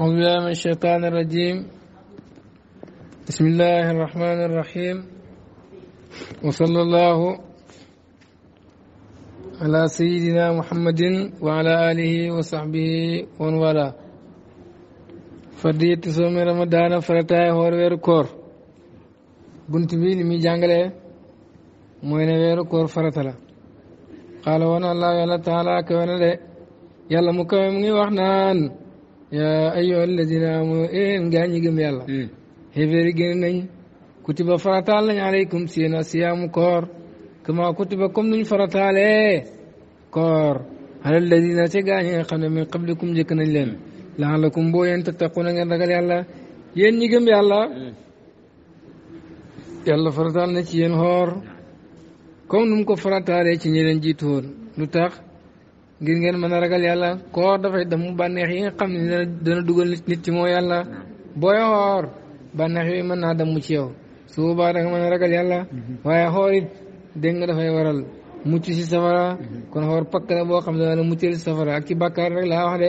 أعوذ بالله من الشيطان الرجيم بسم الله الرحمن الرحيم وصلى الله على سيدنا محمد وعلى آله وصحبه ومن والاه فديت صوم رمضان فرتا هور وير كور بنت بي لمي جانغلي موي نه وير كور فرتا لا قال وانا الله تعالى تعالى كونه يلا مكو مي واخنان yaa ayyuha alladina amanu een eh, gaa ñi gëm yàlla hmm. xéeféeri génn nañ kutiba farataal nañ aleykum seen asiyaamu koor kama kutiba comme nuñ farataalee koor alal ladina ca gaa ñi nga xam ne min qablikum njëkk nañ leen laalakum boo yeen tattaquna ngeen ragal yàlla yéen ñi gëm hmm. yàlla farataal na ci yéen xoor comme nu mu ko farataalee ci ñi leen jiitu woon lu ngir ngeen mën a ragal yàlla koor dafay damu bànneex yi nga xam ne dana dugal nit moo yàlla booy xoor bànneex yooyu mën naa damu ci yow su boobaa da nga mën a ragal yàlla mhm. waaye xoor it dégg nga dafay waral mucc si safara mhm. kon xoor pakk boo xam ne wala muccal si safara ak ci laa wax de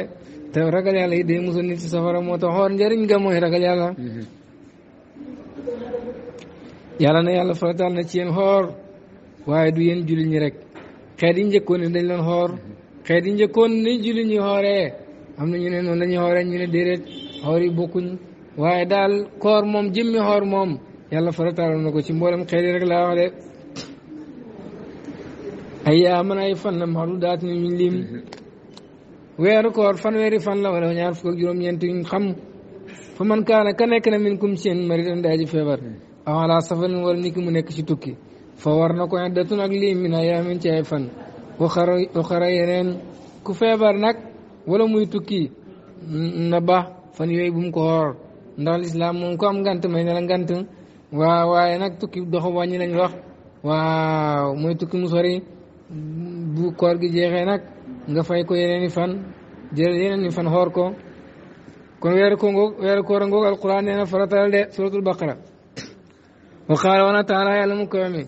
te ragal yàlla it day musal nit safara moo tax xoor njëriñ nga mooy ragal yàlla mhm. yàlla na yàlla farataal na ci yéen xoor waaye du yéen jullit rek xeet yi njëkkoon ne dañ leen xoor xeet yi njëkkoon ni julli ñi xooree am na ñu ne noonu lañuy xooree ñu waaye daal koor moom jëmmi xoor moom yàlla farataaloon na ko ci mboolem xeet yi rek laa wax ay fan la maxlu daat ni lim weeru koor fanweeri fan la wala ñaar fukk ak juróom-ñeent yuñ fa man kaana ka nekk na min kum seen maritan daaji feebar awalaa safarin wala niki mu nekk ci tukki fa war na ko en datun ak lim min ayaamin ci ay fan waxara waxara yeneen ku feebar nag wala muy tukki na ba fan yooyu bu mu ko xoor ndax lislaam moom ko am ngant may ne la ngant waaw waaye nag tukki dox wàññi nañ wax waaw mooy tukki mu bu koor gi jeexee nag nga fay ko yeneen i fan jël yeneen i fan xoor ko kon weeru ko ngoog weeru koor a ngoog alquran nee na faratal de suratul baqara wa wana taala yàlla koy amee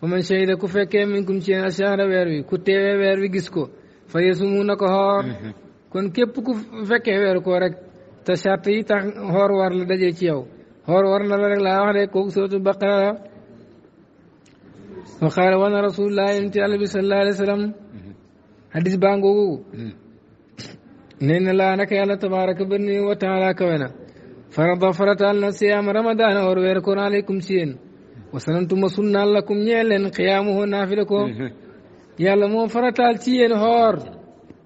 fa man shahida ku fekkee min kum ci yéen ashahra weer wi ku teewee weer wi gis ko fa yesumu na ko xoor mm-hmm. kon képp ku fekkee weeru koo rek te charte yi tax xoor war la dajee ci yow xoor war na la rek laa wax de kooku suratul baqara la wa qaala wana rasulullah yonent bi sallallahu mm-hmm. hadis baa ngoogu mm-hmm. nee laa naka yàlla tabaraka bani wa taala kawe na farada na siyaam ramadaan or weer koon aleykum ci yéen wasanantuma sunnaan lakum ñeel leen xiyaamuhu naafila ko yàlla moo farataal ci yéen xoor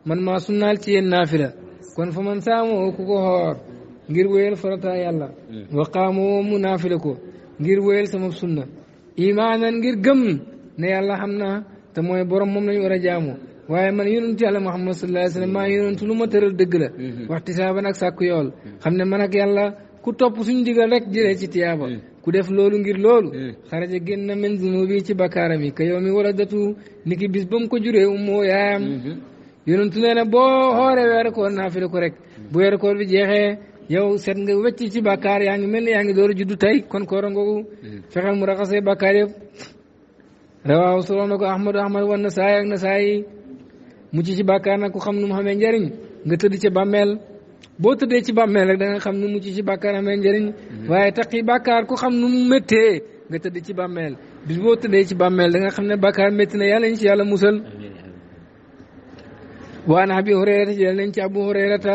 man maa sunnaal ci yéen naafila kon fa man saamoo ku ko xoor ngir wéyal farata yàlla wa qaamoo mu naafila ko ngir wéyal sama sunna imaanan ngir gëm ne yàlla xam naa te mooy borom moom lañu war a jaamu waaye man yonentu yàlla Muhammad sallallahu alayhi wa sallam maa yonentu lu ma tëral dëgg la waxti saaban ak sàkku yool xam ne man ak yàlla ku topp suñ digal rek jëlee ci tiyaaba hmm. ku def loolu ngir loolu hmm. xaraja génn na min ci bakkaaram yi ka yow mi wala datu ni ki bis ba ko juree ummoo yaayam hmm. yonentu nee na boo xooree weeru koor naafila ko rek bu weeru koor bi jeexee yow set nga wecc ci bakkaar yaa ngi mel ni yaa ngi door a juddu tey kon koora ngoogu fexeel mu raxasee bakkaar yëpp rawaaw soloo na ko ahmadu ahmad wan na ak na saay mucc ci bakkaar nag ku xam nu mu njariñ nga tëdd ca bàmmeel boo tëddee ci bàmmeel rek da nga xam nu mucc ci bàkkaar amee njëriñ mhm. waaye taqi bàkkaar ku xam nu mu méttee nga tëdd ci bàmmeel bis boo tëddee ci bàmmeel da nga xam ne bàkkaar métti na yàlla ñu ci yàlla musal waana abi hurayrata jël nañ ci abu hurayrata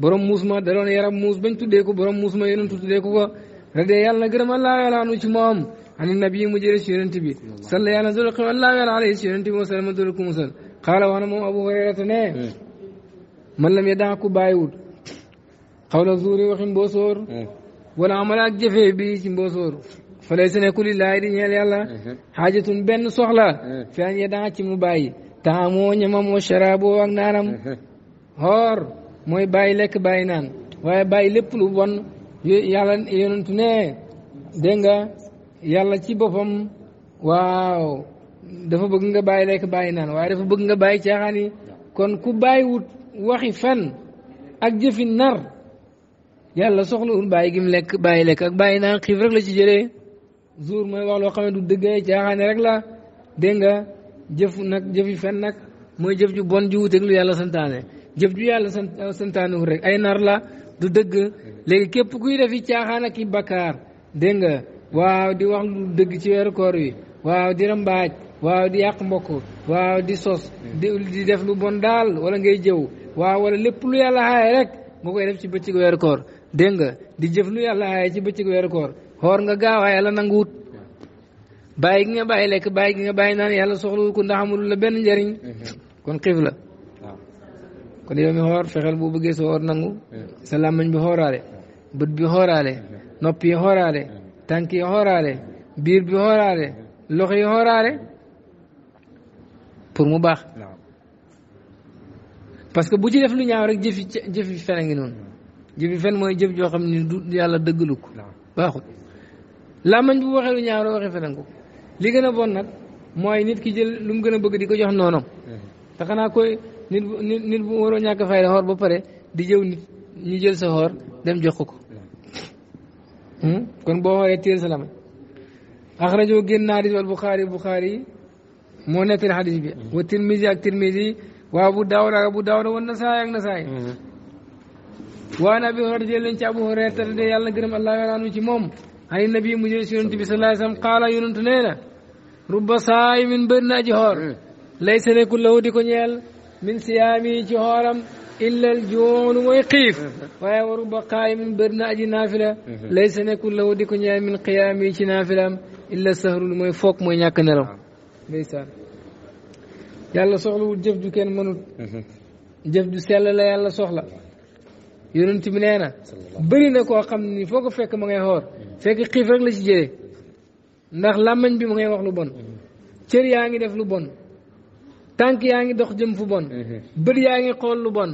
borom muus ma da doon yaram muus bañ tuddee ko borom muus ma yonentu tuddee ko ko radee yàlla gërëm allaahu yàllaanu ci moom ani nabi mu jëlee si yonent bi salla yàlla dol xew allaahu yàlla alayhi si yonent bi wasalama dol ko musal xaala wax na moom abu hurayrata ne hmm. man lam ya daa ku bàyyiwut xawla zuuri waxi mboosóor hmm. wala amal ak jëfee bi ci mboosóor fa lay sa nekku lillaahi di ñeel yàlla hmm. xaajatun benn soxla hmm. fi an yedanga ci mu bàyyi taamoo ñamam wa lekk bàyyi naan waaye bàyyi lépp lu bon yàlla yonentu ne dégg yàlla ci boppam waaw dafa bëgg nga bàyyi lekk bàyyi naan waaye dafa bëgg nga bàyyi caaxaan yi kon ku bàyyiwut waxi fen ak nar yàlla soxlawul bàyyi gim lekk bàyyi lekk ak bàyyi naan xiif rek la ci jëlee zuur mooy wax loo xam ne du dëgg caaxaane rek la dégg nga jëf nag jëf yu fen nag mooy jëf ju bon ju wuteeg lu yàlla santaane jëf ju yàlla euh, santaanewul rek ay nar la du dëgg léegi képp kuy def ci caaxaan ak i bakkaar nga waaw di wax lu dëgg ci weeru koor wi waaw di rambaaj waaw di yàq mbokk waaw di sos di def lu bon daal wala ngay jëw waaw wala lépp lu yàlla xaaye rek nga ci bëccëg weeru dégg nga di jëf lu yàlla aaye ci bëccëg weeru koor xoor nga gaaw a yàlla nanguwut bàyyi gi nga bàyyi lekk bày gi nga bàyyi naan yàlla soxlawul ko ndax amul la benn njariñ mm-hmm. kon xiif la kon yow mi xoor fexeel boo bëggee sa xoor nangu mm-hmm. sa bi xooraale mm-hmm. bët bi xooraale nopp yi xooraale tànk biir bi xooraale loxo yi xooraale pour mu baax parce que bu ci def lu ñaaw rek jëfi jëfi fene ngi noonu jëfi fen mooy jëf joo xam ne du yàlla dëggalu ko baaxut làmmañ bu waxee lu ñaaw waxee ko li gën a bon nag mooy nit ki jël lu mu gën a bëgg di ko jox noonam mm-hmm. te xanaa koy nit bu nit bu waroo ñàkk fayda ba pare di jëw nit ñu jël sa xoor dem jox ko ko mm-hmm. hmm? kon boo waree téel sa làmmañ axrajoo génn naa di wal buxaari buxaari moo nettali xadis bi mm-hmm. wa waaw bu daaw la bu daaw la woon na ak na waan abi hurayra jël nañ ci abu hurayra tade yàlla gërëm ci moom ani nabi mu jël si yonent wa sallam qaala yonent rubba saayimin bëri na aji xoor laysa nekkul lahu di ko ñeel min siyaami ci illa al juunu mooy xiif wa rubba qaayimin bëri na aji naafila laysa nekkul lahu di ko ñeel min qiyaami ci illa sahrul mooy foog mooy ñàkk nelaw ndeysaan yàlla soxlawul jëf ju kenn mënut mm-hmm. jëf ju soxla yonent bi nee na bëri na koo xam ni foo ko fekk ma ngay xoor fekk xiif rek la ci jëlee ndax làmmañ bi ma ngay wax lu bon cër yaa ngi def lu bon tànk yaa ngi dox jëm fu bon bët yaa ngi xool lu bon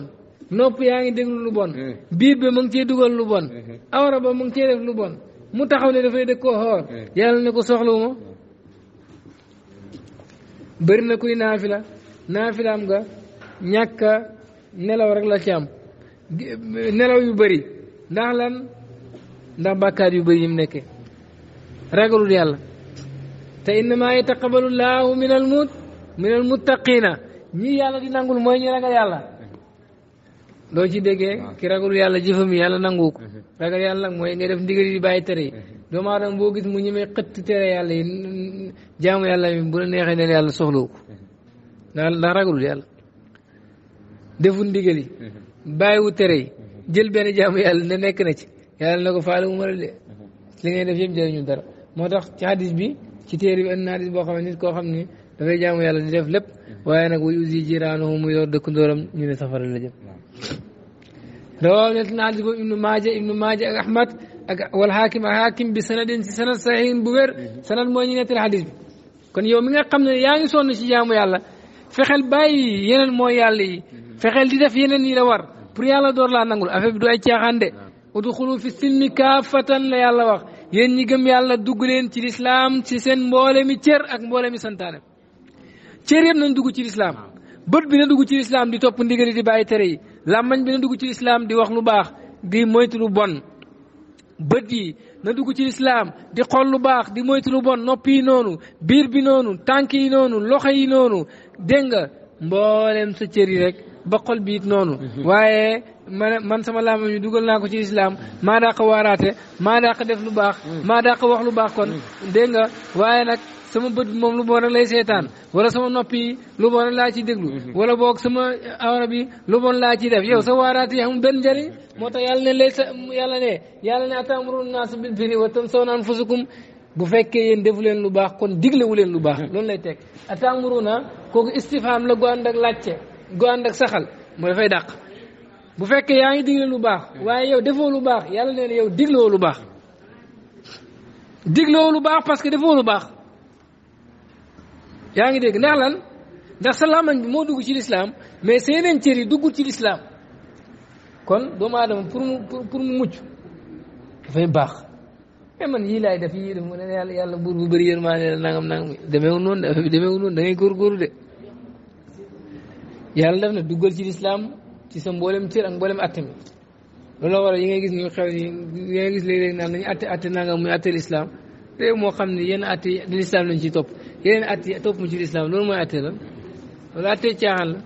nopp yaa ngi déglu lu bon biir bi mu ngi cee dugal lu bon awra ba mu ngi cee def lu bon mu taxaw ne dafay dëkk koo xoor yàlla ne ko soxlawuma bëri na kuy naafila naafilaam nga ñàkka nelaw rek la ci am nelaw yu bëri ndax lan ndax bàkkaar yu bëri yi mu nekkee ragalul yàlla te innama yataqabbalu llaahu min al mut min al muttaqiina ñii yàlla di nangul mooy ñu ragal yàlla loo ci déggee ah. ki ragalul yàlla jëfam yàlla nangu ko mm-hmm. ragal yàlla nag mooy nga def ndigal di bàyyi tere yi mm-hmm. doomu aadama boo gis mu ñemee xëtt tere yàlla yi jaamu yàlla mi bu neexee neen yàlla soxloo mm-hmm. ndax ragalul yàlla deful ndigal yi bàyyiwu tere yi jël benn jaamu yàlla ne nekk na ci yàlla na ko faale mu mën de li ngay def yëpp jëriñu dara moo tax ci hadis bi ci téere bi indi na hadis boo xam nit koo xam ne dafay jaamu yàlla di def lépp waaye nag wuy usi mu yor dëkkandooram ñu ne safara la jëm rawaaw net na hadis boobu ibnu maaja ibnu maaja ak ahmad ak wal xaakim ak bi sanadin si sanad saxiin bu wér sanad mooy ñu nettali hadis bi kon yow mi nga xam ne yaa ngi sonn ci jaamu yàlla fexeel bàyyi yeneen mooy yàlla yi mhm. fexeel di def yeneen yi la war pour yàlla door laa nangul affaire bi du ay caaxaan de udxulu fi silmi kaafatan la yàlla wax yéen ñi gëm yàlla dugg leen ci lislaam ci seen mboole mi cër ak mboole mi santaane cër yëpp nañ dugg ci lislaam bët bi na dugg ci lislaam di topp ndigal yi di bàyyi tere yi làmmañ bi na dugg ci lislaam di wax lu baax di moytu lu bon bët yi na dugg ci lislaam di xool lu baax di moytu lu bon nopp yi noonu biir bi noonu tànk yi noonu loxo yi noonu dégg nga mboolem sa cër yi rek ba xol bi noonu mhm. waaye man man sama laama ñu dugal naa ko ci lislaam maa daq waaraate maa daq def lu baax mhm. maa daq wax lu baax kon mhm. dégg nga waaye nag sama bët moom lu bon rek lay seetaan wala sama nopp yi lu bon rek laa ciy déglu mhm. wala boog sama awra bi lu bon laa ciy def yow sa waaraat yi amul benn njëriñ mhm. moo tax yàlla ne laysa yàlla ne yàlla ne atamuruna naasa bil birri wa tansawna anfusakum bu fekkee yéen defu leen lu baax kon diglewu leen lu baax mhm. loolu lay teg atamuruna kooku istifham la gu ànd ak laajte gu ànd ak saxal mu dafay dàq bu fekkee yaa ngi digle lu baax waaye yow defoo lu baax yàlla nee na yow woo lu baax diglewoo lu baax parce que defoo lu baax yaa ngi dégg ndax lan ndax sa bi moo dugg ci lislaam mais seeneen cër yi duggul ci lislaam kon doomu aadama pour mu pour mu mucc dafay baax mais man yii laay def yii def mu ne yàlla bu bëri yërmaane la nangam nangam demeewu noonu de demeewu noonu da ngay góorgóorlu de yàlla na duggal ci lislaam ci sam mboolem cër ak mboolem atte mi loolu la yi ngay gis ñu xew ni yi ngay gis léeg-léeg naan nañu atte atte nangam muy atte lislaam réew moo xam ne yenn atte lislaam lañ ci topp yeneen at yi topp mu ci lislaam loolu mooy attee la loolu attee caaxaan la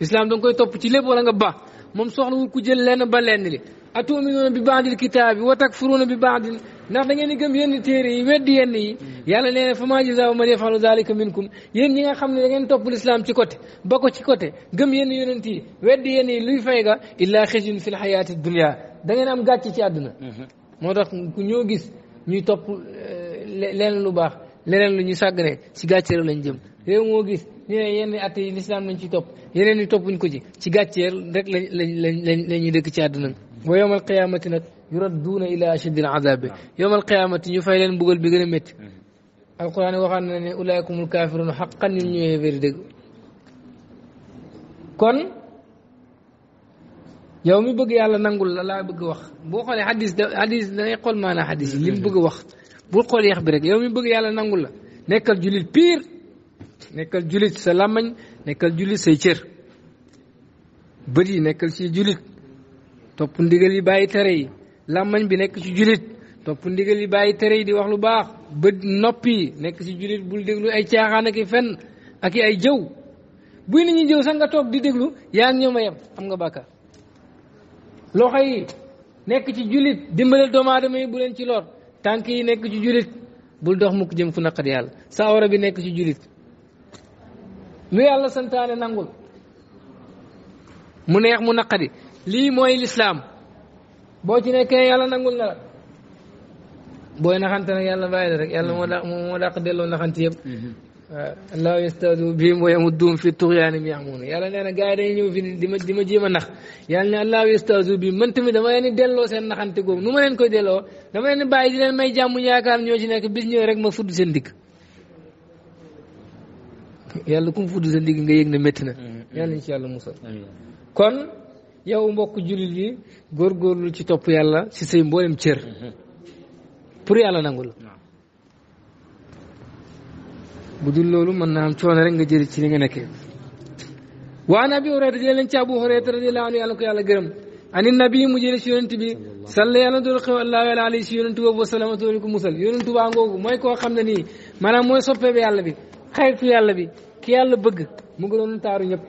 lislaam da koy topp ci lépp wala nga ba moom soxlawul ku jël lenn ba lenn li atuminuuna bi baadil kitaabi wa takfuruuna bi baadil ndax da ngeen di gëm yenn téere yi weddi yenn yi yàlla nee na fa maa jazaa'u man yafalu zalika minkum yéen ñi nga xam ne da ngeen topp lislaam ci côté ba ko ci côté gëm yenn yonent yi weddi yenn yi luy fay ga illaa xisyun fi lxayaati dunia da ngeen am gàcce ci àdduna mm-hmm. moo tax ku ñoo gis ñuy topp euh, leen lu baax leneen lu ñu sàggane ci gàcceeru lañ jëm réew moo gis ñu ne yenn at yi lislaam lañ ci topp yeneen yi toppuñ ko ci ci gàcceer rek lañ lañ lañ la ñuy dëkk ci àdduna wa yowmal nag yuradduuna ila ashadil azaabi yowmal qiyaamati ñu fay leen mbugal bi gën a métti alquran waxaan na ne ulaakumul kaafiruun xaqan ñun ñëwee wéri dëgg kon yow mi bëgg yàlla nangul la laa bëgg wax boo xoolee xadis da xadis dangay xool maanaa li mu bëgg wax bul xol yeex bi rek yow mi bëgg yàlla nangul la nekkal julit pire nekkal julit sa lamañ nekkal julit say cër bët yi nekkal ci julit topp ndigal yi bàyyi tere yi lamañ bi nekk ci julit topp ndigal yi bàyyi tere yi di wax lu baax bët noppi nekk ci julit bul déglu ay caaxaan ak i fenn ak ay jëw bu nit ñi jëw sax nga toog di déglu yaa ngi ñëw ma yem am nga bàkkaar loxo yi nekk ci julit dimbalal doomu aadama bu leen ci lor tànk yi nekk ci julit bul dox mukk jëm fu naqat yàlla sawara bi nekk ci julit lu yàlla santaane nangul mu neex mu naqadi lii mooy lislaam boo ci nekkee yàlla nangul na la booy naxante nag yàlla bàyyi la rek yàlla moo dàq moo daq delloo naxante yëpp mm-hmm. Uh, laa yastaadu bihim wa yamudduhum fi tughyaanihim ya'mahuun yàlla nee na gars yi dañuy ñëw fi di ma di ma jéem a nax yàlla ne laa yastaadu bihim man tamit dama leen delloo seen naxante googu nu ma leen koy delloo dama leen di bàyyi di leen may jàmm yaakaar ñoo ci nekk bis ñëw rek ma fudd seen digg yàlla ku mu fudd seen digg nga yëg ne métti na mm-hmm. yàlla ci yàlla musal kon yow mbokk jullit yi góor góorgóorlu ci topp yàlla si say mboolem cër mm-hmm. pour yàlla nangu la bu dul loolu mën naa am coono rek nga jëri ci li nga nekkee waan abi hurayra jëlee leen ci abu hurayra radiyallahu anhu yàlla ko yàlla gërëm ani nabi mu jëlee si yonent bi salla yàlla doon xew allahu ala alayhi si yonent boobu wasalaamatu alaykum musal yonent baa ngoogu mooy koo xam ne nii maanaam mooy soppee bi yàlla bi xaytu yàlla bi ki yàlla bëgg mu gënoon taaru ñëpp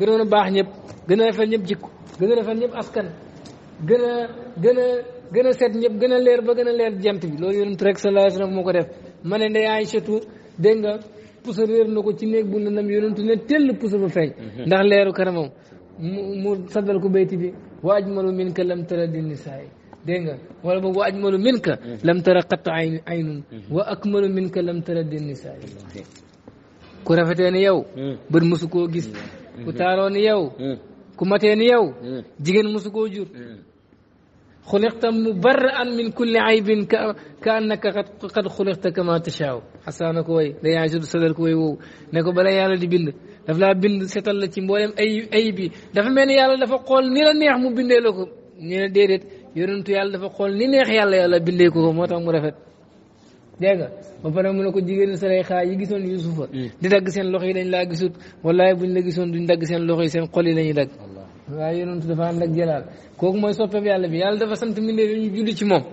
gënoon baax ñëpp gën a rafet ñëpp jikko gën a rafet ñëpp askan gën a gën a gën set ñëpp gën a leer ba gën a leer jant bi loolu yonent rek sallallahu alayhi ko def dégg nga puso réer na ko ci néeg bu lëndam yonentu ne tell puso ba feeñ mhm. ndax leeru kanamam mu saddal ko bayti bi wa malo min ka lam tara di nisaay dégg nga wala boog wa malo min ka mhm. lam tara qatt ay aynun mhm. wa akmalu min ka lam tara di nisaay ku rafetee ni yow bët mosu koo gis ku taaroo ni yow ku matee ni yow jigéen mosu koo jur xuliqta mubarra'an min kulli aybin ka annaka qad xuliqta kama tashaaw xasaana ko way day Aysatu sadal ko way woowu ne ko bala yàlla di bind daf laa bind setal la ci mboolem ay ay bi dafa mel ni yàlla dafa xool ni neex mu bindee ko ñu ne déedéet yonentu yàlla dafa xool ni neex yàlla yàlla bindee ko moo tax mu rafet dégg nga ba pare mu ne ko jigéenu Sarayxa yi gisoon Yusufa di dagg seen loxo yi dañ laa gisut wallahi buñ la gisoon duñ dagg seen loxo yi seen xol yi la ñuy dagg waaye yonentu dafa ànd ak jalaal kooku mooy soppe bi yàlla bi yàlla dafa sant mbindeef yi ñu julli ci moom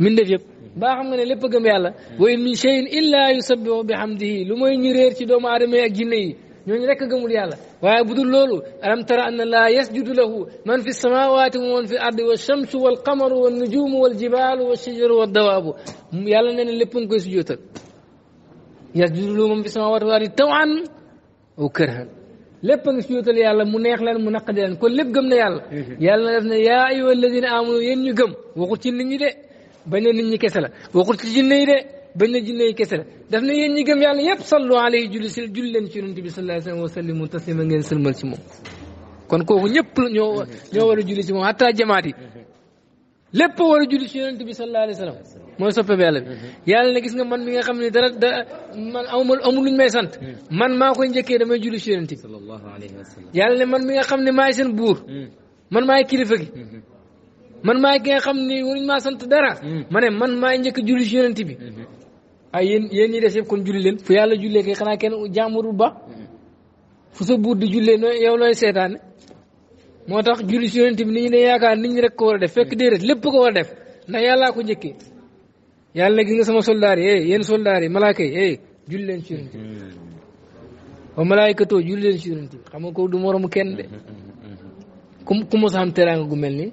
mbindeef yëpp baa xam nga ne lépp a gëm yàlla wa in min shay'in illa yusabbihu bihamdihi lu mooy ñu réer ci doomu aadama yi ak jinne yi ñooñu rekk gëmul yàlla waaye bu dul loolu alam tara anna laa yasjudu lahu man fi samawati wa man fi ardi wa shamsu wal qamaru wa nujumu wal jibalu wa shajaru wa dawaabu yàlla nee na lépp nga koy sujootal yasjudu lahu man fi samawati wa ardi tawan aw karhan lépp a ngi si yóotal yàlla mu neex leen mu naqadi leen kon lépp gëm na yàlla mm-hmm. yàlla na def ne yaa ayyuha alladina amanu ñu gëm waxut ñi de na nit ñi kese la waxut ci na jinne yi kese la daf ne yéen ñi gëm yàlla yëpp sallu alayhi julli si julli leen ci yonente bi sallallahu alayhi wa sallimu ngeen sëlmal ci moom kon kooku ñëpp ñoo ñoo mm-hmm. war a julli ci moom hatta jamaat lépp war a julli ci yonent bi sallallahu alayhi wa sallam mooy soppe bi yàlla bi yàlla ne gis nga man mi nga xam ne dara man amul amul may sant man maa koy njëkkee damay julli ci yonent bi sallallahu alayhi mi nga xam ne maay seen buur hmm. man maay kilifa gi hmm. man maay ki nga xam ni waruñ maa sant dara hmm. ma ne man maay njëkk julli ci yonent bi ay yéen yéen ñi des kon julli leen fu yàlla jullee kay xanaa kenn jàmbur bu ba fu sa buur di jullee noo yow looy seetaane moo tax julli si yonent bi nit ñi ne yaakaar nit ñi rek ko war def fekk déedéet lépp ko war def ndax yàllaa ko njëkkee yàlla gi nga sama soldaar yi eh, yéen soldaar yi malaaka yi eh, julli leen si yonent bi malaayikatoo julli leen si yonent xam nga ko du moromu kenn de ku ku mos a am teraanga gu mel ni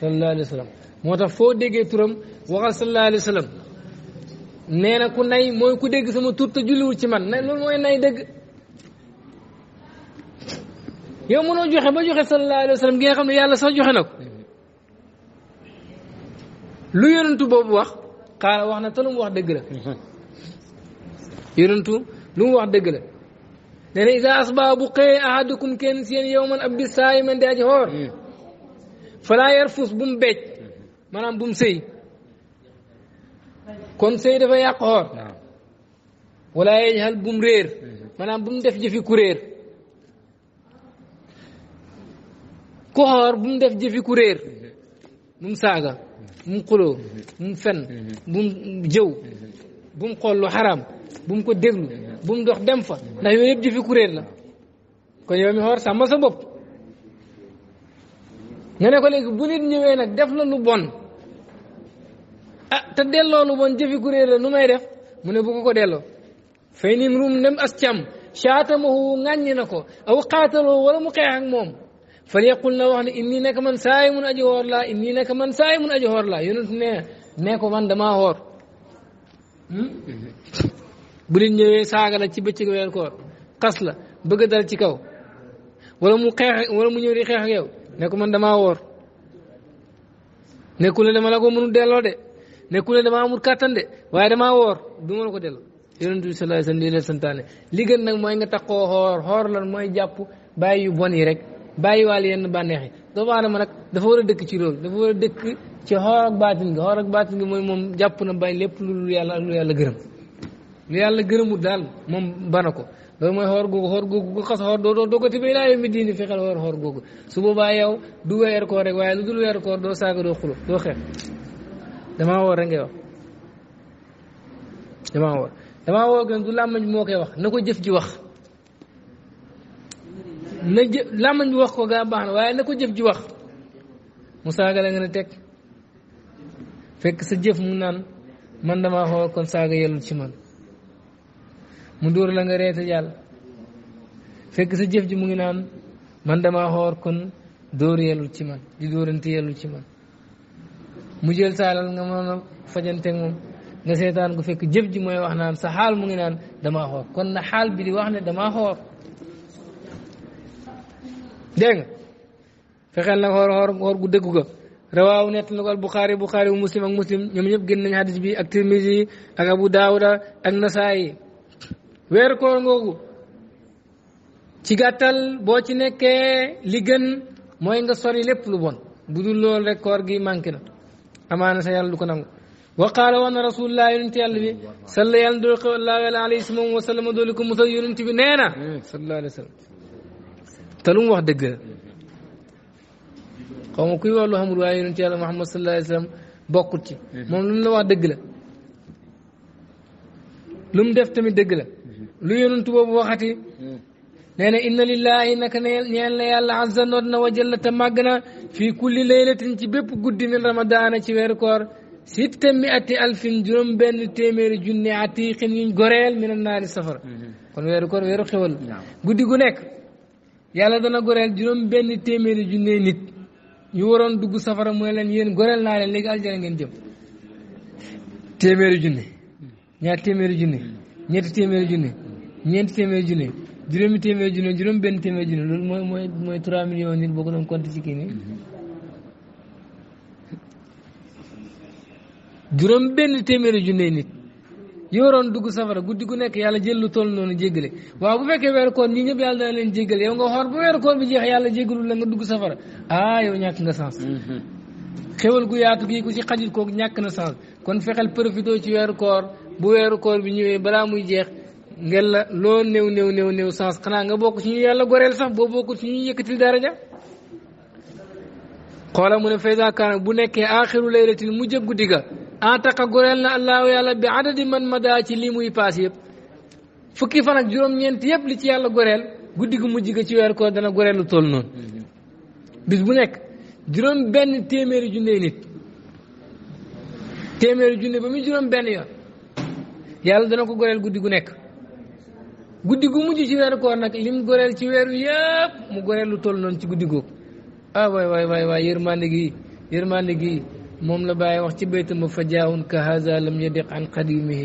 sallallahu alayhi wa moo tax foo déggee turam waxal sallallahu alayhi wa na ku nay mooy ku dégg sama tur te julliwul ci man na mooy nay dëgg yow mënoo joxe ba joxe sallallahu alayhi wa sallam gi nga xam ne yàlla sax joxe na ko lu yonentu boobu wax xaala wax na te lu mu wax dëgg la yonentu lu mu wax dëgg la nee na isa asbaa bu xëyee ahadukum kenn seen yow man ab bis saa yi man di aji xoor falaa yarfus bu mu becc maanaam bu mu sëy kon sëy dafa yàq xoor wala yejhal bu mu réer maanaam bu mu def jëfi ku réer ku xoor bu mu def jëfi ku réer mu saaga bu mu xuloo bu mu fen bu mu jëw bu mu xool lu xaraam bu mu ko déglu bu mu dox dem fa ndax yooyu yëpp jëfi ku la ko yow mi xoor sàmm sa bopp nga ne ko léegi bu nit ñëwee nag def la lu bon ah te delloo lu bon jëfi ku réer la nu may def mu ne bu ko ko delloo fay nim ruum nem as cam caatamahu ŋàññi na ko aw xaataloo wala mu xeex moom fal yaqul na wax ne inni naka man saay aji woor laa inni naka man saayimun aji woor laa yonent ne ko man damaa woor bu nit saaga la ci bëccëg weer koor xas la bëgg dal ci kaw wala mu xeex wala mu ñëw di xeex ak yow ne ko man damaa woor nekkul ne dama la ko mënu delloo de nekkul ne dama amul kàttan de waaye damaa woor du ma la ko delloo yonent bi sallallahu alayhi wa sallam lii la santaane li gën nag mooy nga taxoo xoor xoor lan mooy jàpp bàyyi yu bon yi rek bàyyiwaale yenn bànneex yi doomu aadama nag dafa war a dëkk ci loolu dafa war a dëkk ci xoor ak baatin gi xoor ak mooy moom jàpp na bàyyi lépp lu yàlla lu yàlla gërëm lu yàlla gërëmul daal moom bana ko mooy xoor googu xoor googu ko xas xoor doo doo doggati ba laa yow mi diini fexeel xoor xoor googu su boobaa yow du weer rek waaye lu dul weer koor doo saaga doo xulo doo xeex damaa woor rek ngay wax damaa woor damaa woor gën du làmmañ moo koy wax na ko jëf ji na jë làmmañ bi wax ko gaa baax na waaye na ko jëf ji wax mu saaga la nga ne teg fekk sa jëf mu naan man damaa xool kon saaga yellul ci man mu dóor la nga reete fekk sa jëf ji mu ngi naan man dama xoor kon dóor yellul ci man di dóorante yellul ci man mu jël saalal nga mën a fajante moom nga seetaan ko fekk jëf ji mooy wax naan sa xaal mu ngi naan damaa xoor kon na xaal bi di wax ne damaa xoor dégg nga fexeel nag xoor xoor xoor gu dëggu ga rawaaw nett na ko al buxaari buxaari wu muslim ak muslim ñoom ñëpp génn nañ xadis bi ak tirmisi ak abu daawuda ak nasaayi weeru koor ngoogu ci gàttal boo ci nekkee li gën mooy nga sori lépp lu bon bu dul loolu rek koor gi manqué na amaana sa yàlla du ko nangu wa qaala woon na rasulullah yonent yàlla bi salla yàlla dool xew allahu alayhi wa sallam wa sallama dooli ko musal yonent bi nee na te lu mu wax dëgg la xaw ma kuy wax lu xamul waaye yonent yàlla Muhammad sallallahu alayhi wa sallam bokkut ci moom lu mu la wax dëgg la lu mu def tamit dëgg la lu yonent boobu waxati nee na inna lillahi naka ñeel na yàlla azza noot na wa jalla te màgg na fii kulli laylatin ci bépp guddi min ramadaana ci weeru koor sitta miati alfin juróom benn téeméeri junne atiqin yuñ goreel min annaari safara kon weeru koor weeru xewal guddi gu nekk yàlla dana goreel juróom benn téeméeri junne nit ñu waroon dugg safara mooy leen yéen goreel naa leen léegi aljana ngeen jëm téeméeri junne ñaar téeméeri junne ñetti téeméeri junne ñeenti téeméeri junne juróomi téeméeri junne juróom benn téeméeri junne loolu mooy mooy mooy trois millions nit boo ko doon compte ci kii nii juróom benn téeméeri junne nit ñi waroon dugg safara guddi gu nekk yàlla jël lu toll noonu jéggale waaw bu fekkee weeru koor ñi ñëpp yàlla dana leen jéggale yow nga xoor ba weeru koor bi jeex yàlla jéggalul la nga dugg safara ah yow ñàkk nga sens mm-hmm. xéwal gu yaatu gii ku ci xajul kooku ñàkk na sens kon fexeel profité ci weeru koor bu weeru koor bi ñëwee balaa muy jeex ngel loo néew néew néew néew sens xanaa nga bokk ci ñu yàlla goreel sax boo bokkul ci ñuy yëkkatil daraja xoola mu ne fayda kaana bu nekkee axiru laylatin mu jëggu digga antaqa goreel na allaahu yàlla bi adadi man mada ci lii muy paas fukki fan ak juróom-ñeent yëpp li ci yàlla goreel guddi gu mujj ga ci weer dana goreel lu toll noonu bis bu nekk juróom benn téeméeri junne nit téeméeri junne ba muy juróom benn yoon yàlla dana ko goreel guddi gu nekk guddi gu mujj ci weeru koor nag lim goreel ci weeru yëpp mu goreel lu toll noonu ci guddi googu ah waay waay waay waay yërmande gi yërmande gi موم لا باي واخ سي بيتم فجاون كهذا لم يدق عن قديمه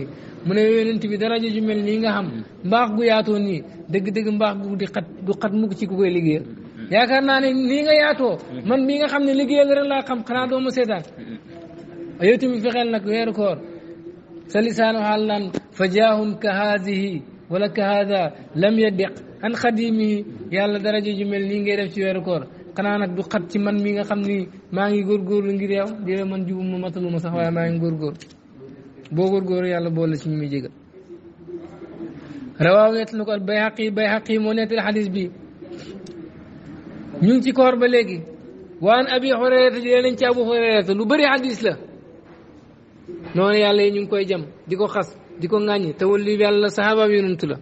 من يونت بي دراجه جو مل ليغا خام مباخ غو ياتو ني دغ دغ مباخ غو دي خات غو خات موك سي كوي ليغي ياكار ناني ليغا ياتو من ميغا خام ني ليغي لا لا خام خنا دو مسيدان ايتمي في خيل نك ويرو كور سلسان حالن فجاهم كهذه ولك هذا لم يدق عن قديمه يالا دراجه جو مل ليغي ديف سي ويرو كور xanaa nag du xat ci man mi nga xam ni maa ngi góorgóorlu ngir yow di la man jubum ma mataluma sax waaye maa ngi góorgóor boo góorgóorlu yàlla boole ci ñu muy jégal rawaaw nett na ko al bayhaqi bayhaqi moo nettal xadis bi ñu ngi ci kor ba léegi waan abi xurayrata jëlee nañ ci abu xurayrata lu bari xadis la noonu yàlla yi ñu ngi koy jam di ko xas di ko ŋàññi te wali bi yàlla saxaabaam yonantu la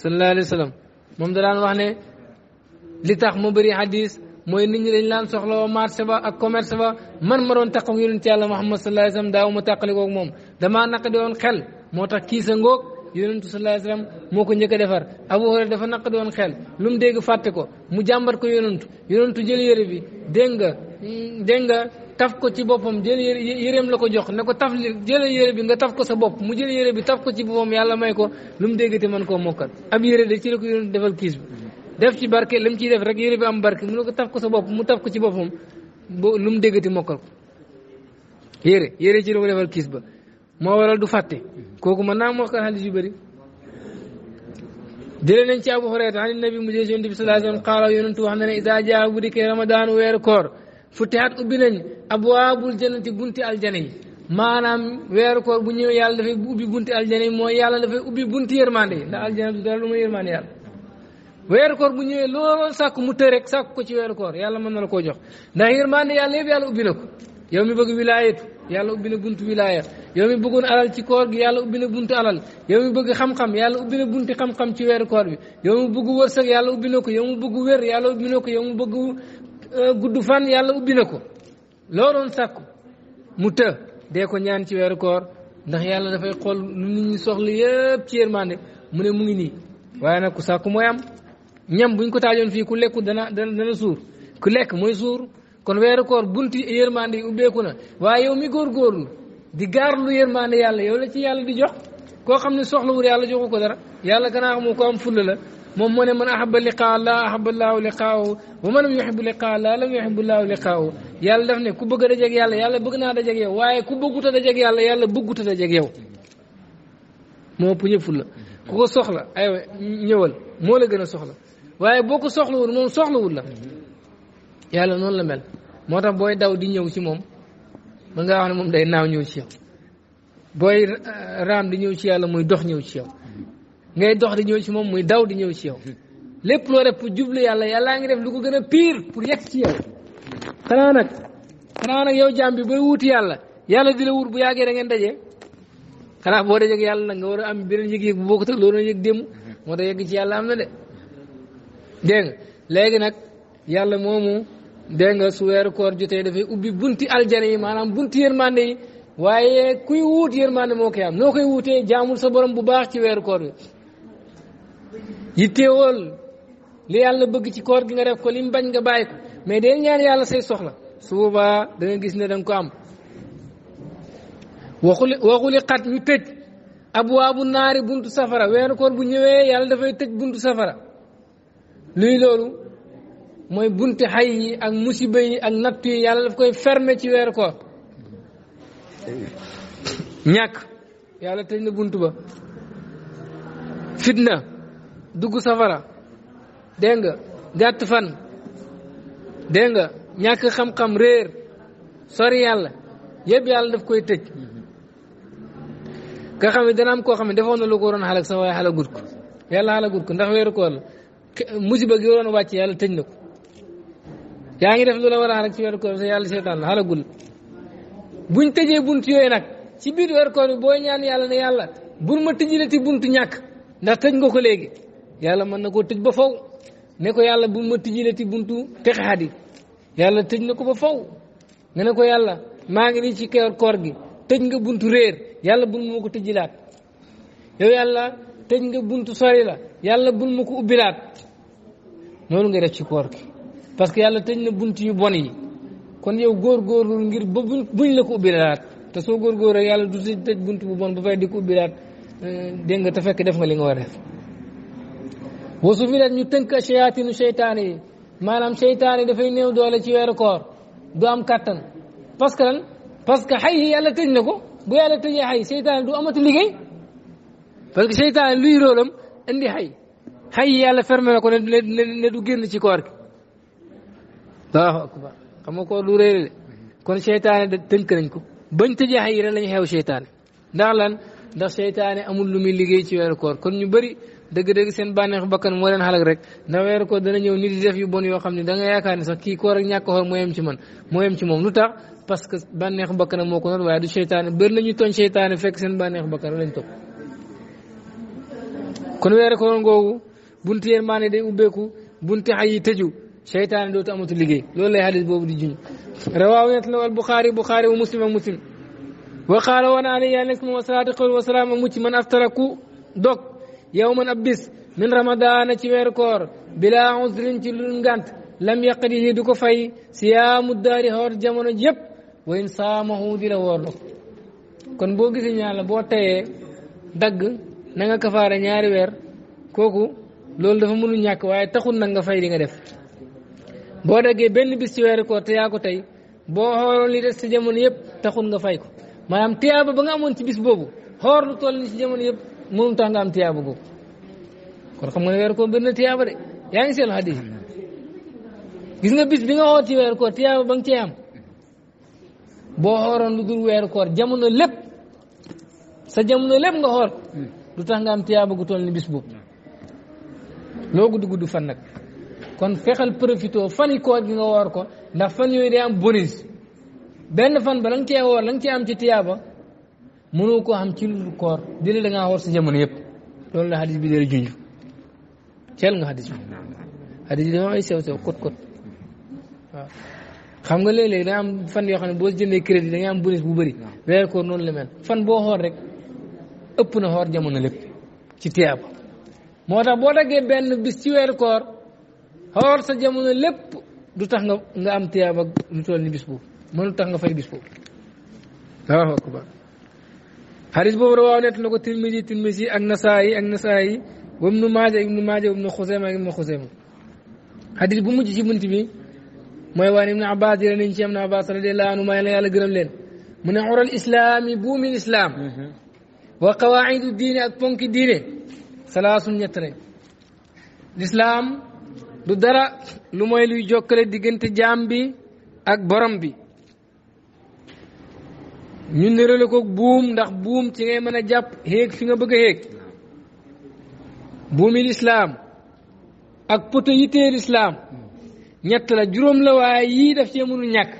sallallahu alayhi wa sallam moom da daan wax ne li tax ma bëri xadis mooy nit ñi dañ laan soxla woo marché ba ak commerce ba man ma doon taq ak yonent yàlla Muhammad sallallahu alayhi wasallam daaw ma tàqali koog moom damaa naqadi woon xel moo tax kii sa ngóog yonentu sallallahu alayhi wasallam moo ko njëkk a defar Abu Hurayra dafa naqadi woon xel lu mu dégg fàtte ko mu jàmbat ko yonentu yonentu jël yére bi dégg nga dégg nga taf ko ci boppam jël yére yéreem la ko jox ne ko taf li jël yére bi nga taf ko sa bopp mu jël yére bi taf ko ci boppam yàlla may ko lu mu déggati man koo mokkal ab yére de ci la ko yonentu defal kiis bi def ci barke li mu ciy def rek yére bi am barke mu ko taf ko sa bopp mu taf ko ci boppam bo lu mu déggati mokkal ko yére yére ci la ko kiis ba moo waral du fàtte kooku mën naa mokkal xaalis yu bëri jëlee ci Abu Hurayra an nabi mu jëlee si yonent bi sallallahu alayhi wa sallam qaala yonentu wax na ne idaa jaa bu dikkee ramadaan weeru koor futihat ubbi nañ abwaabul jannati bunti aljana yi maanaam weeru koor bu ñëwee yàlla dafay ubbi bunti aljana yi mooy yàlla dafay ubbi bunti yërmande yi ndax aljana du dara lu weeru koor bu ñëwee looloo sàkk mu tër rek sàkk ko ci weeru koor yàlla mën na la koo jox ndax yërmande yàlla yëpp yàlla ubbi na ko yow mi bëgg wilaayatu yàlla ubbi na buntu wilaaya yow mi bëggoon alal ci koor gi yàlla ubbi na buntu alal bëgg xam yàlla ubbi bunti xam-xam ci weeru koor bi yow mi bëgg wërsëg yàlla ubbi ko yow bëgg wér yàlla ubbi na ko yow mi bëgg euh, gudd yàlla ubbi na ko loo doon sàkku mu të ko ñaan ci weeru koor ndax yàlla dafay xool lu nit ñi soxla yëpp ci yërmande mu ne mu ngi nii waaye nag ku sàkku mooy am ñam buñ ko taajoon fii ku lekku dana dana suur ku lekk mooy suur kon weeru koor bunti yërmande yi ubbeeku na waaye yow mi góorgóorlu di gaarlu yërmande yàlla yow la ci yàlla di jox koo xam ne soxlawul yàlla joxu ko dara yàlla kanaa xamu ko am fulla la moom moo ne man ahaba liqaa laa ahaba llaahu liqaahu wa man lam yuhibu liqaa laa lam yuhibu llaahu liqaahu yàlla daf ne ku bëgg a dajeeg yàlla yàlla bëgg naa dajeeg yow waaye ku bëggut a dajeeg yàlla yàlla bëggut a dajeeg yow moo ëpp ñëpp fulla ku ko soxla aywa ñëwal moo la gën a soxla waaye boo ko soxlawul moom soxlawul la yàlla noonu la mel moo tax booy daw di ñëw ci moom mën ngaa wax ne moom day naaw ñëw ci yow booy eh, raam di ñëw ci yàlla muy dox ñëw ci yow ngay dox di ñëw ci moom muy daw di ñëw ci yow lépp loo def pour jublu yàlla yàllaa ngi def lu ko gën a pire pour yegg ci yow xanaa nag xanaa nag yow jaam bi booy wuuti yàlla yàlla di la wut bu yàggee da ngeen dajee xanaa boo dajee ak yàlla nag nga war a am beneen yëg-yëg bu bokkut ak loolu na yëg démb moo yegg ci am na de dégg léegi nag yàlla moomu dégg nga su weeru koor jotee dafay ubbi bunti aljana yi maanaam bunti yërmande yi waaye kuy wuut yërmande moo koy am noo koy wuutee jaamul sa borom bu baax ci weeru koor bi yitteewool li yàlla bëgg ci koor gi nga def ko li mu bañ nga bàyyi ko mais dee ñaan yàlla say soxla su boobaa da gis ne danga ko am waxuli waxuli xat ñu tëj abwaabu naari buntu safara weeru koor bu ñëwee yàlla dafay tëj buntu safara luy loolu mooy bunt xay yi ak musiba yi ak natt yi yàlla daf koy ferme ci weeru koor ñàkk yàlla tëj na bunt ba fitna dugg safara dégg nga gàtt fan dégg nga ñàkk xam-xam réer sori yàlla yëpp yàlla daf koy tëj nga xam ne dana koo xam ne defoon na lu ko waroon xalak sa waaye xalagut ko yàlla xalagut ko ndax weeru koor la musiba gi waroon wàcc yàlla tëj na ko yaa ngi def lu la war a rek ci weeru koor sa yàlla seetaan la xalagul buñ tëjee bunt yooyu nag ci biir weeru bi booy ñaan yàlla ne yàlla bur ma tëjilati bunt ñàkk ndax tëj nga ko léegi yàlla mën na koo tëj ba faw ne ko yàlla bur ma tëjilati buntu texaat yi yàlla tëj na ko ba fow nga ne ko yàlla maa ngi nii ci keer koor gi tëj nga buntu réer yàlla bul ma ko tëjilaat yow yàlla tëj nga buntu sori la yàlla bul ma ko ubbilaat noonu ngay def ci koor gi parce que yàlla tëj na bunt yu bon yi kon yow góorgóorlu ngir ba buñ la ko ubbilaat te soo góorgóor rek yàlla du si tëj bunt bu bon ba fay di ko ubbilaat euh, dégg ta fekk def nga li nga war a def wasu fi ñu tënk shayaatinu seytaan yi maanaam seytaan yi dafay néew doole ci weeru koor du am kàttan parce que parce que xay yàlla tëj na ko bu yàlla tëjee xay seytaan du amatu liggéey parce que seytaan luy rôlam indi xay xëy yàlla fermé na ko ne ne du génn ci koor gi xam nga koor lu réeré kon seytaane da tënk nañ ko bañ tëjee xëy rek lañ xew seytaane ndax lan ndax seytaane amul lu muy liggéey ci weeru koor kon ñu bëri dëgg-dëgg seen bànneexu bakkan moo leen xalak rek ndax weeru koor dana ñëw nit di def yu bon yoo xam ne nga yaakaar ne sax kii koor ak ñàkk xool moo yem ci man moo yem ci moom lu tax parce que bànneexu bakkanam moo ko noonu waaye du seytaane bëri nañu tooñ seytaane fekk seen bànneexu bakkan lañ topp kon weeru koor googu bunti yërmaane day ubbeeku bunti xay yi tëju seytaane dootu amatu liggéey loolu lay boobu di juñ rawaaw net la al buxaari buxaari wa muslim a muslim wa qaala wana ali yaa nekk moom asalaatu xol wa salaam a mucc man aftaraku dog yow man ab bis min ramadaana ci weer koor bila usrin ci lu ngànt lam yaqdihi du ko fay siyaamu daari xoor jamono yëpp wa in saamahu di la woorlo kon boo gisee ñaan la boo tayee dagg na kafaara ñaari weer kooku loolu dafa mënul ñàkk waaye taxul nag nga fay li nga def boo daggee benn bis ci weeru koor te yaa ko tey boo xooloon li des jamono yëpp taxul nga fay ko maanaam tiyaaba ba nga amoon ci bis boobu xoor lu toll yëpp mënul tax nga am xam nga ne weeru yaa ngi seen xadis gis nga bis bi nga xool ci ba nga cee am boo xooroon lu dul jamono lépp sa jamono lépp nga xoor du hmm. tax nga am tiyaaba gu toll ni bis boobu loo gudd gudd fan nag kon fexal profito fan yi koor gi nga woor ko ndax fan yooyu day am bonus benn fan ba la nga cee woor la nga am ci tiyaaba mënoo koo am ci lu koor dina da ngaa woor sa jamono yëpp loolu la bi dara junj teel nga hadis bi hadis bi dafa am ay xam nga léeg-léeg da am fan yoo xam ne boo jëndee crédit da am bonus bu bari weer koor noonu la fan boo xoor rek ëpp na xoor jamono lépp ci tiyaaba moo tax boo daggee benn bis ci weeru koor xool sa jamono lépp du tax nga nga am tiyaab ak lu toll ni bis boobu tax nga fay bis boobu Allahu akbar xadis boobu rawaaw nett na ko tirmisi tirmisi ak nasaayi ak nasaayi wa ibnu maaja ibnu maaja wa ibnu xuseyma ak ibnu xuseyma xadis bu mujj ci bunt bi mooy waan ibnu abbas jëlee nañ ci ibnu abbas radiallahu anhu maa yàlla gërëm leen mu ne ural islaami buumi islaam wa qawaidu diine ak ponki diine salaasun ñett lañ lislaam du dara lu mooy luy jokkale diggante jaam bi ak borom bi ñu nërale ko buum ndax buum ci ngay mën jàpp xéeg fi nga bëgg a buumi lislaam ak poto yitee lislaam ñett la juróom la waaye yii daf cee mënul ñàkk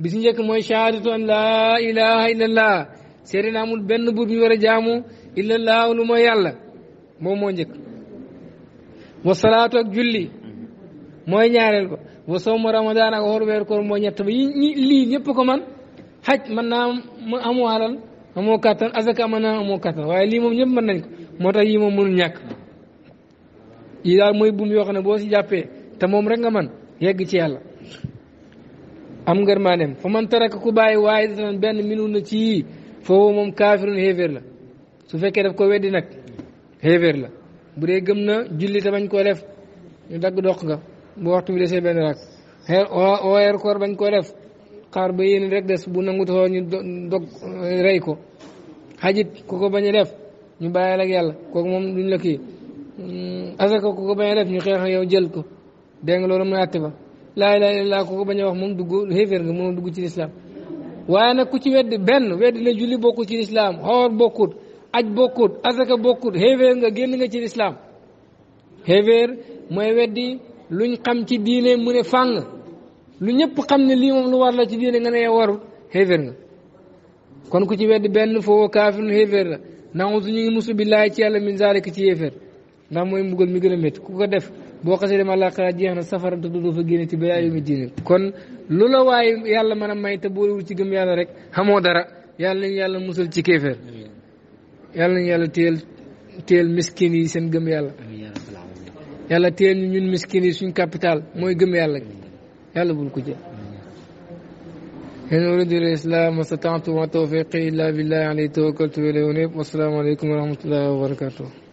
bi si njëkk mooy shahadatu an laa ilaha illallah seede na amul benn buur ñu war jaamu illallah lu mooy yàlla moom moo njëkk wa salaatu ak julli mooy ñaareel ba wa sawmu ramadan ak woor weer koor mooy ñett ba yi lii ñëpp ko man xaj man naa mu amoo alal amoo kattan azaka man naa amoo kattan waaye lii moom ñëpp mën nañ ko moo tax yii moom mënul ñàkk yi daal mooy buum yoo xam ne boo ci jàppee te moom rek nga man yegg ci yàlla am ngër maa dem man taraka ku bàyyi waaye datan benn minut ci yii foofu moom kaafirun héeféer la su fekkee daf ko weddi nag hever la bu dee gëm na julli te bañ ko def ñu dagg doq nga bu waxtu bi desee benn rak o her koor bañ ko def xaar ba yéen rek des bu nangut ho ñu dog rey ko hajit ku ko bañ def ñu bayal ak yalla ko mom duñ la ki mm, asa ko ko bañ def ñu xex yow jël ko dégg nga loolu mooy àtte ba la ilaha illallah ku ko bañ wax mom dugg hever nga mënoo dugg ci islam waaye ku ci wedd ben wedd na julli bokku ci islam xor aj bokkut asaka bokkut xéeféer nga génn nga ci lislaam xéeféer mooy weddi luñ xam ci diine mu ne fàng lu ñëpp xam ne lii moom lu war la ci diine nga ne warul xéeféer nga kon ku ci weddi benn foo kaafirun xéeféer la ndax su ñu ngi musu billaahi ci yàlla min zaalika ci xéeféer ndax mooy mbugal mi gën a métti ku ko def boo xasee dem àllaaxira jeex na safara te du fa génne ci balaa yu mu diine kon lu la waaye yàlla man a may te boolewul ci gëm yàlla rek xamoo dara yàlla yàlla musal ci kéeféer yàlla nañu yàlla téel téel miskin yi seen gëm yàlla yàlla téel ñu ñun miskin yi suñ capital mooy gëm yàlla gi yàlla bul ko jël in uridu al islam wastata'tu wa tawfiqi illa billahi alayhi tawakkaltu wa ilayhi unib wassalaamu aleykum wa rahmatullahi wa barakatuh